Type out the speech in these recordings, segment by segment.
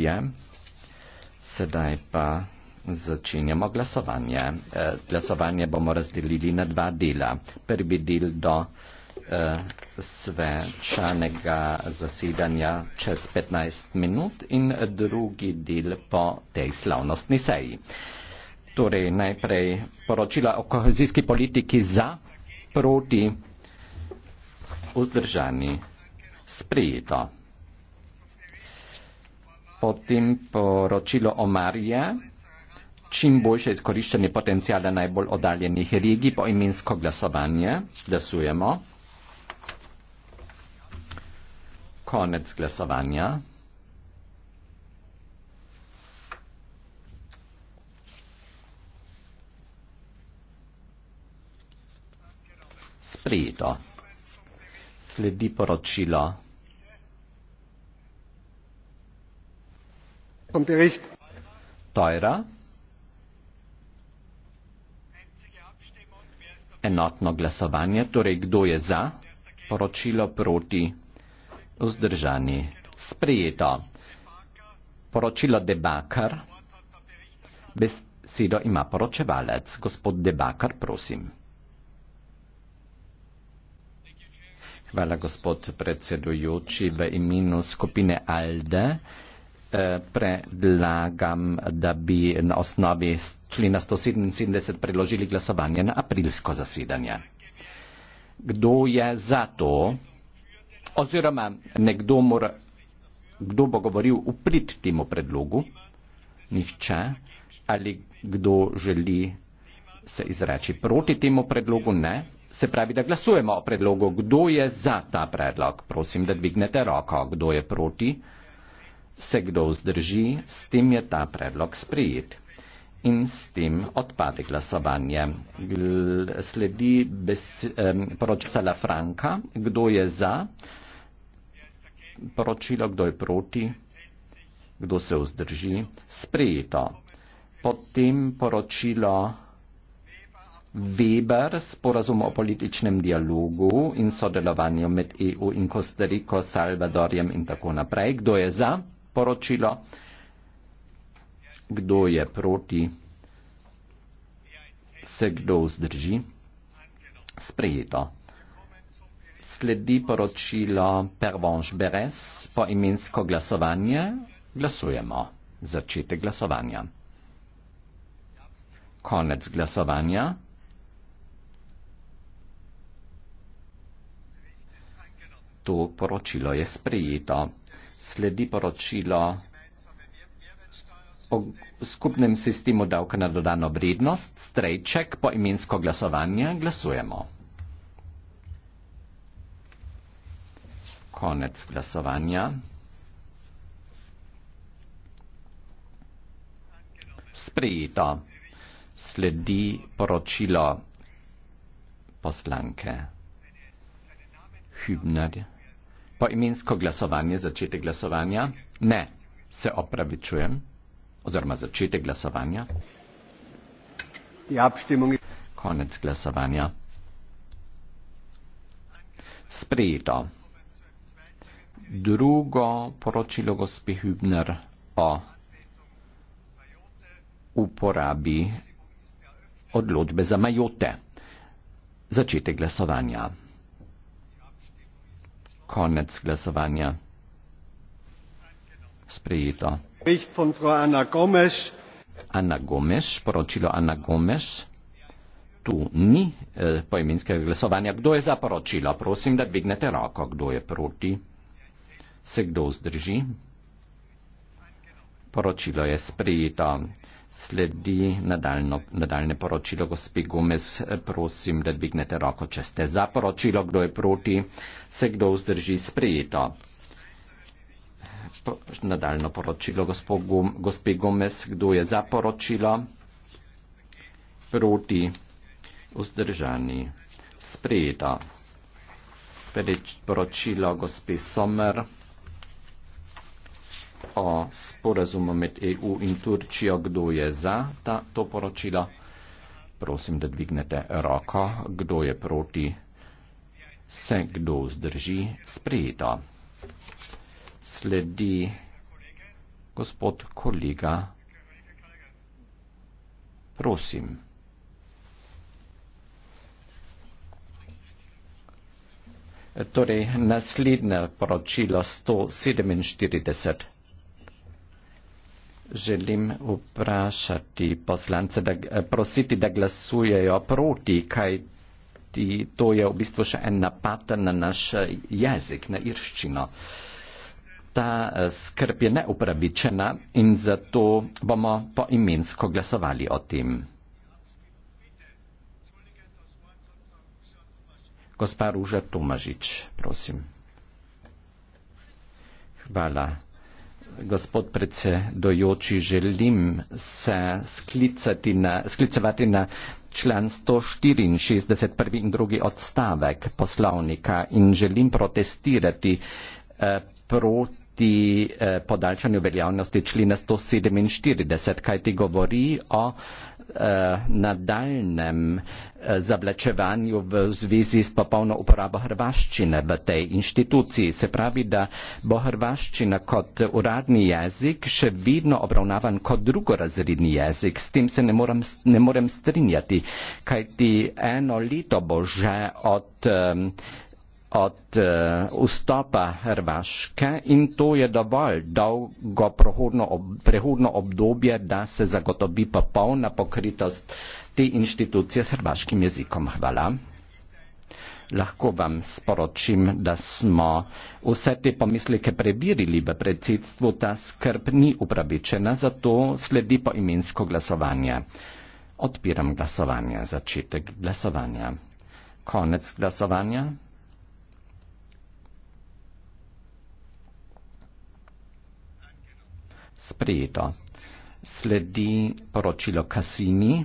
je. Sedaj pa začenjamo glasovanje. Eh, glasovanje bomo razdelili na dva dela. Prvi del do eh, svečanega zasedanja čez 15 minut in drugi del po tej slavnostni seji. Torej najprej poročila o kohezijski politiki za, proti, vzdržani, sprejeto potem poročilo o Marija, čim boljše izkoriščanje potencijala najbolj oddaljenih regij, po imensko glasovanje, glasujemo. Konec glasovanja. Sprejeto. Sledi poročilo. vom Bericht. Teurer. Enotno glasovanje, torej kdo je za, poročilo proti, vzdržani, sprejeto. Poročilo debakar, besedo ima poročevalec, gospod debakar, prosim. Hvala, gospod predsedujoči, v imenu skupine Alde predlagam, da bi na osnovi člena 177 preložili glasovanje na aprilsko zasedanje. Kdo je za to, oziroma nekdo mora, kdo bo govoril v prid temu predlogu? Nihče. Ali kdo želi se izreči proti temu predlogu? Ne. Se pravi, da glasujemo o predlogu. Kdo je za ta predlog? Prosim, da dvignete roko. Kdo je proti? se kdo vzdrži, s tem je ta predlog sprijet. In s tem odpade glasovanje. Gl sledi eh, poročilo Sala Franka, kdo je za poročilo, kdo je proti, kdo se vzdrži, sprijeto. Potem poročilo Weber, sporazum o političnem dialogu in sodelovanju med EU in Kostariko, Salvadorjem in tako naprej. Kdo je za? poročilo. Kdo je proti? Se kdo vzdrži? Sprejeto. Sledi poročilo Pervonge Beres po imensko glasovanje. Glasujemo. Začetek glasovanja. Konec glasovanja. To poročilo je sprejeto sledi poročilo o skupnem sistemu davka na dodano vrednost, strejček po imensko glasovanje, glasujemo. Konec glasovanja. Sprejeto. Sledi poročilo poslanke Hübnerja poimensko glasovanje, začetek glasovanja? Ne, se opravičujem, oziroma začetek glasovanja. Ja, Konec glasovanja. Sprejeto. Drugo poročilo gospe Hübner o uporabi odločbe za majote. Začetek glasovanja konec glasovanja. Sprejeto. Ana Gomes, poročilo Ana Gomes. Tu ni eh, poimenskega glasovanja. Kdo je za poročilo? Prosim, da dvignete roko. Kdo je proti? Se kdo vzdrži? Poročilo je sprejeto. Sledi nadaljno, nadaljne poročilo gospe Gomez. Prosim, da dvignete roko, če ste za poročilo, kdo je proti, se kdo vzdrži sprejeto. Po, nadaljno poročilo gospe Gomez, kdo je za poročilo, proti, vzdržani, sprejeto. Poročilo gospe Sommer o sporazumu med EU in Turčijo, kdo je za ta, to poročilo. Prosim, da dvignete roko, kdo je proti, se kdo vzdrži sprejeto. Sledi gospod kolega. Prosim. Torej, naslednje poročilo 147 želim vprašati poslance, da eh, prositi, da glasujejo proti, kaj ti, to je v bistvu še en napad na naš jezik, na irščino. Ta eh, skrb je neupravičena in zato bomo poimensko glasovali o tem. Gospa Ruža Tomažič, prosim. Hvala gospod predsedojoči, želim se na, sklicevati na člen 164, prvi in drugi odstavek poslovnika in želim protestirati eh, proti pri eh, podaljšanju veljavnosti člena 147, kaj ti govori o eh, nadaljnem eh, zavlačevanju v zvezi s popolno uporabo hrvaščine v tej inštituciji. Se pravi, da bo hrvaščina kot uradni jezik še vidno obravnavan kot drugorazredni jezik. S tem se ne, moram, ne morem strinjati, kaj ti eno leto bo že od. Eh, od uh, vstopa Hrvaške in to je dovolj dolgo prehodno, ob, prehodno obdobje, da se zagotovi popolna pokritost te inštitucije s hrvaškim jezikom. Hvala. Lahko vam sporočim, da smo vse te pomisleke prebirili v predsedstvu, ta skrb ni upravičena, zato sledi po imensko glasovanje. Odpiram glasovanje, začetek glasovanja. Konec glasovanja. sprejeto. Sledi poročilo Kasini.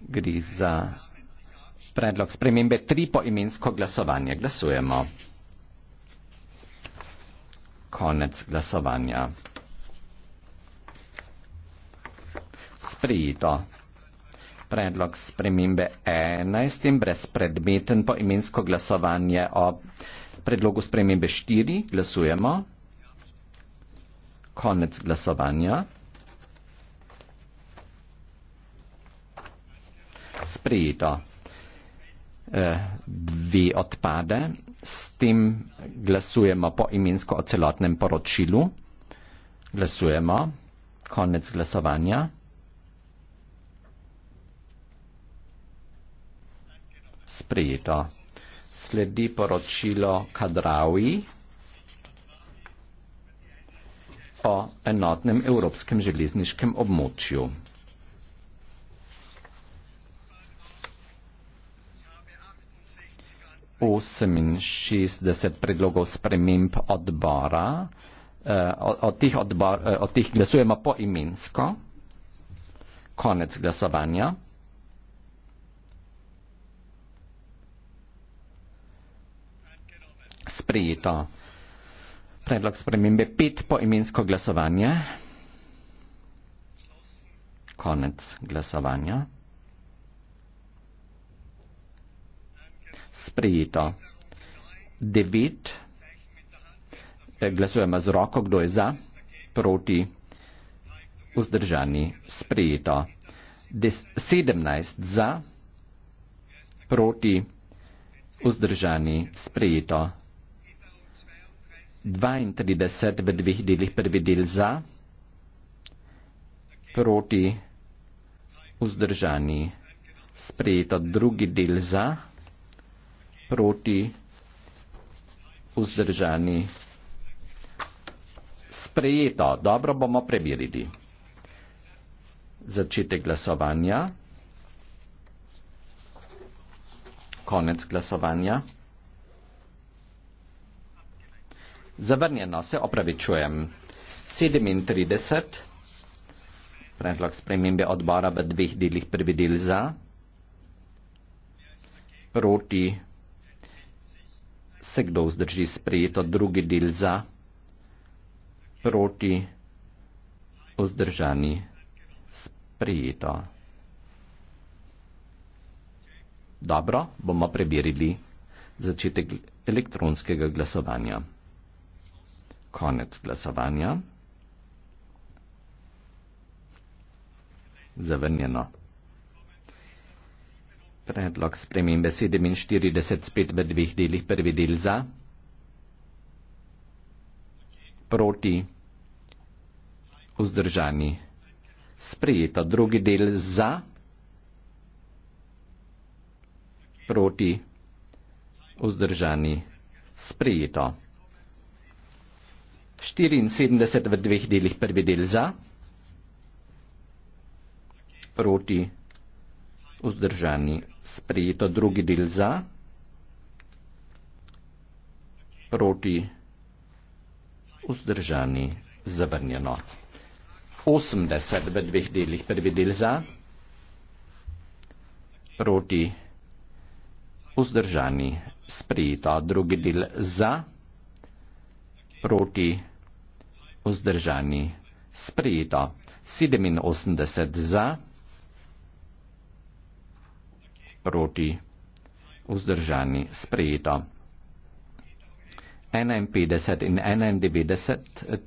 Gre za predlog spremembe tri po imensko glasovanje. Glasujemo. Konec glasovanja. Sprejeto. Predlog spremembe 11. brezpredmeten po imensko glasovanje o predlogu spremembe 4 glasujemo. Konec glasovanja. Sprejeto. E, dve odpade. S tem glasujemo po imensko o celotnem poročilu. Glasujemo. Konec glasovanja. Sprejeto sledi poročilo Kadravi o enotnem evropskem železniškem območju. Oseminšestdeset predlogov sprememb odbora, eh, od eh, tih glasujemo poimensko, konec glasovanja. sprejeto. Predlog spremembe pet po imensko glasovanje. Konec glasovanja. Sprejeto. Devet. Eh, glasujemo z roko, kdo je za, proti, vzdržani. Sprejeto. Sedemnajst za, proti, vzdržani. Sprejeto. 32 v dveh delih, prvi del za, proti vzdržani, sprejeto drugi del za, proti vzdržani, sprejeto, dobro bomo preverili. Začetek glasovanja. Konec glasovanja. Zavrnjeno se opravičujem. 37. Predlog spremembe odbora v dveh delih prevedil za. Proti. Se kdo vzdrži sprejeto drugi del za. Proti. Vzdržani. Sprejeto. Dobro, bomo preverili začetek elektronskega glasovanja konec glasovanja. Zavrnjeno. Predlog spremembe 47 spet v dveh delih. Prvi del za. Proti. Vzdržani. Sprejeto. Drugi del za. Proti. Vzdržani. Sprejeto. 74 v dveh delih prvi del za, proti vzdržani sprejeto drugi del za, proti vzdržani zavrnjeno. 80 v dveh delih prvi del za, proti vzdržani sprejeto drugi del za, proti vzdržani sprejeto drugi del za, vzdržani. Sprejeto. 87 za, proti, vzdržani. Sprejeto. 51 in 91,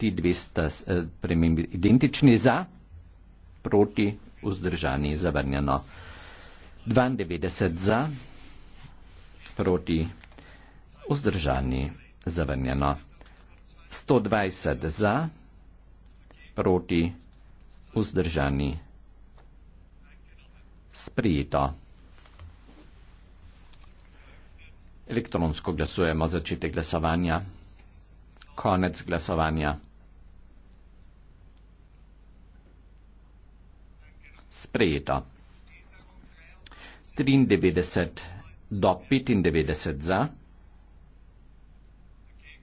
ti dve sta eh, premembi identični za, proti, vzdržani, zavrnjeno. 92 za, proti, vzdržani, zavrnjeno. 120 za, proti, vzdržani. Sprijeto. Elektronsko glasujemo začetek glasovanja. Konec glasovanja. Sprejeto. 93 do 95 za,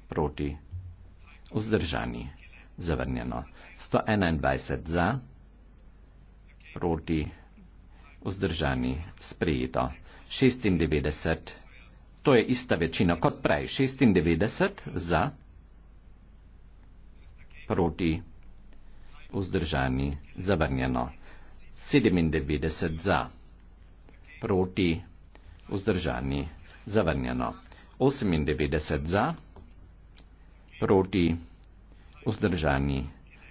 proti Vzdržani. Zavrnjeno. 121 za. Proti. Vzdržani. Sprejeto. 96. To je ista večina kot prej. 96 za. Proti. Vzdržani. Zavrnjeno. 97 za. Proti. Vzdržani. Zavrnjeno. 98 za. Proti proti, vzdržani,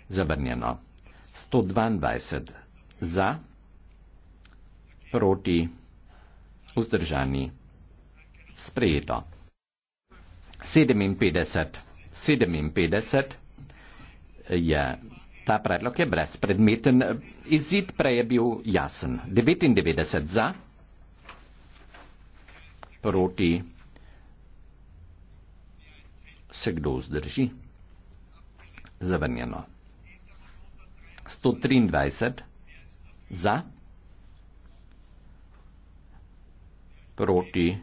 zavrnjeno. 122 za, proti, vzdržani, sprejeto. 57, 57 je. Ta predlog je brezpredmeten. Izid prej je bil jasen. 99 za, proti, se kdo vzdrži? Zavrnjeno. 123 za, proti,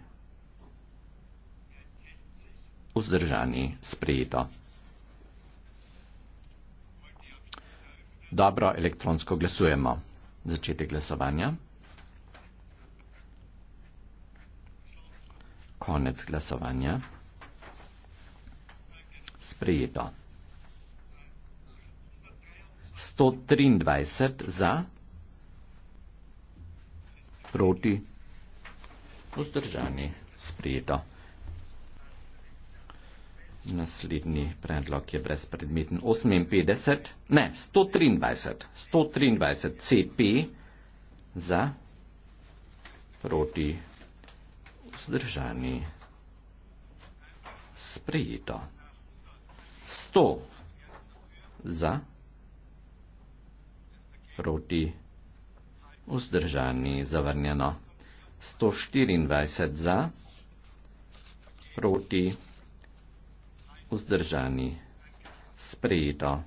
vzdržani, sprejeto. Dobro, elektronsko glasujemo. Začetek glasovanja. Konec glasovanja sprejeto. 123 za, proti, vzdržani, sprejeto. Naslednji predlog je brezpredmeten. 58, ne, 123, 123 CP za, proti, vzdržani, sprejeto. 100 za, proti, vzdržani, zavrnjeno. 124 za, proti, vzdržani, sprejeto.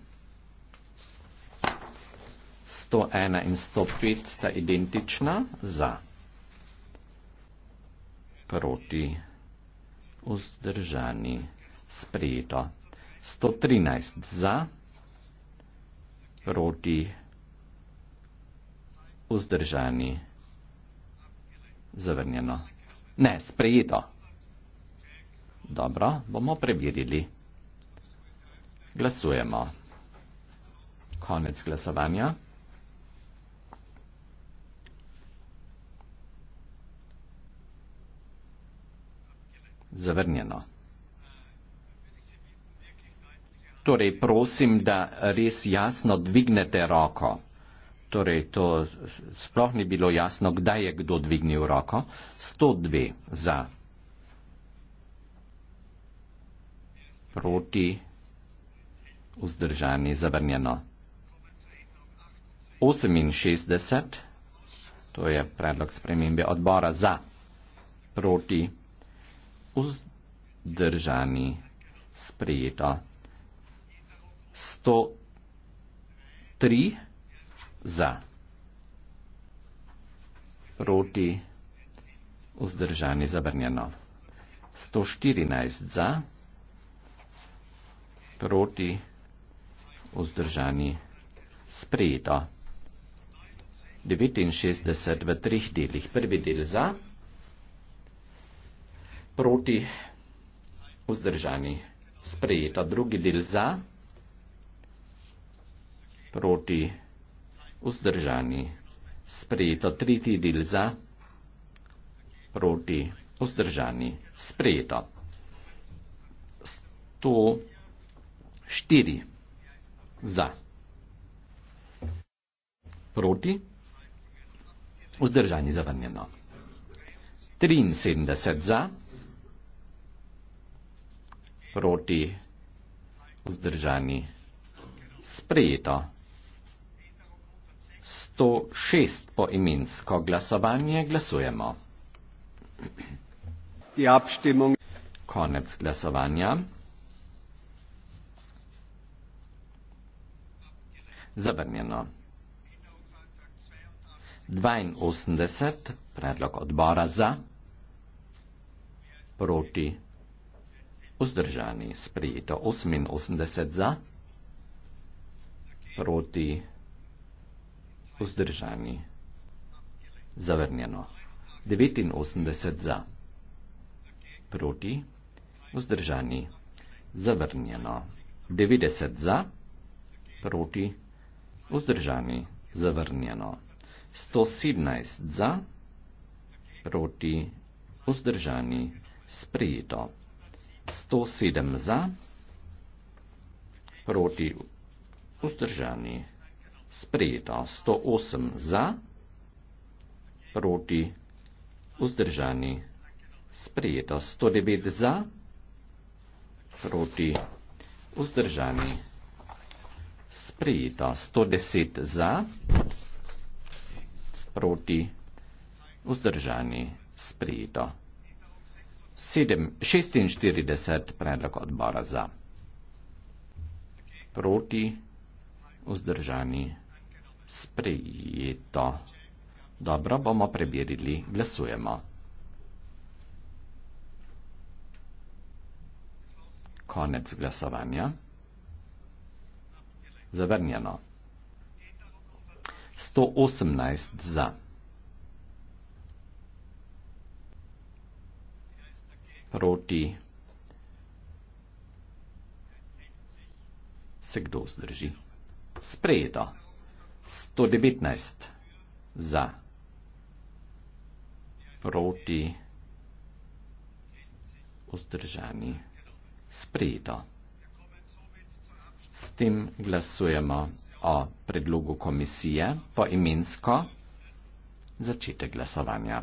101 in 105 sta identična za, proti, vzdržani, sprejeto. 113 za, proti vzdržani, zavrnjeno. Ne, sprejeto. Dobro, bomo preverili. Glasujemo. Konec glasovanja. Zavrnjeno. Torej, prosim, da res jasno dvignete roko. Torej, to sploh ni bilo jasno, kdaj je kdo dvignil roko. 102 za. Proti. Vzdržani, zavrnjeno. 68. To je predlog spremembe odbora za. Proti. Vzdržani, sprejeto. 103 za, proti vzdržani zabrnjeno. 114 za, proti vzdržani sprejeto. 69 v treh delih. Prvi del za, proti vzdržani sprejeto. Drugi del za, proti vzdržani sprejeto proti vzdržani. Sprejeto tretji del za proti vzdržani. Sprejeto. 104 za. Proti. Vzdržani zavrnjeno. 73 za. Proti. Vzdržani. Sprejeto. 106 po imensko glasovanje glasujemo. Konec glasovanja. Zavrnjeno. 82 predlog odbora za, proti, vzdržani, sprejeto 88 za, proti, vzdržani vzdržani. Zavrnjeno. 89 za. Proti. Vzdržani. Zavrnjeno. 90 za. Proti. Vzdržani. Zavrnjeno. 117 za. Proti. Vzdržani. Sprejeto. 107 za. Proti. Vzdržani sprejeta 108 za, proti vzdržani sprejeta 109 za, proti vzdržani sprejeta 110 za, proti vzdržani sprejeta 46 predlog odbora za, proti vzdržani sprejeta vzdržani, sprejeto. Dobro, bomo preberili, glasujemo. Konec glasovanja. Zavrnjeno. 118 za. Proti. Se kdo vzdrži? sprejeto. 119 za, proti, vzdržani, sprejeto. S tem glasujemo o predlogu komisije po imensko začetek glasovanja.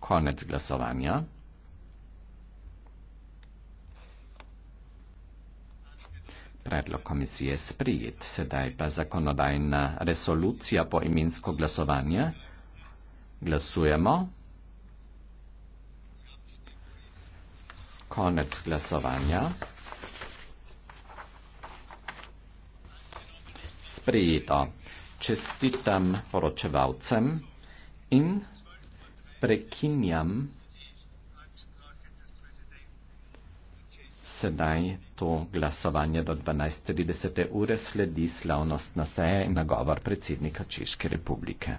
Konec glasovanja. predlog komisije sprijet. Sedaj pa zakonodajna resolucija po imensko glasovanje. Glasujemo. Konec glasovanja. Sprijeto. Čestitam poročevalcem in prekinjam sedaj to glasovanje do 12.30 ure sledi slavnostna seja in nagovor predsednika Češke republike.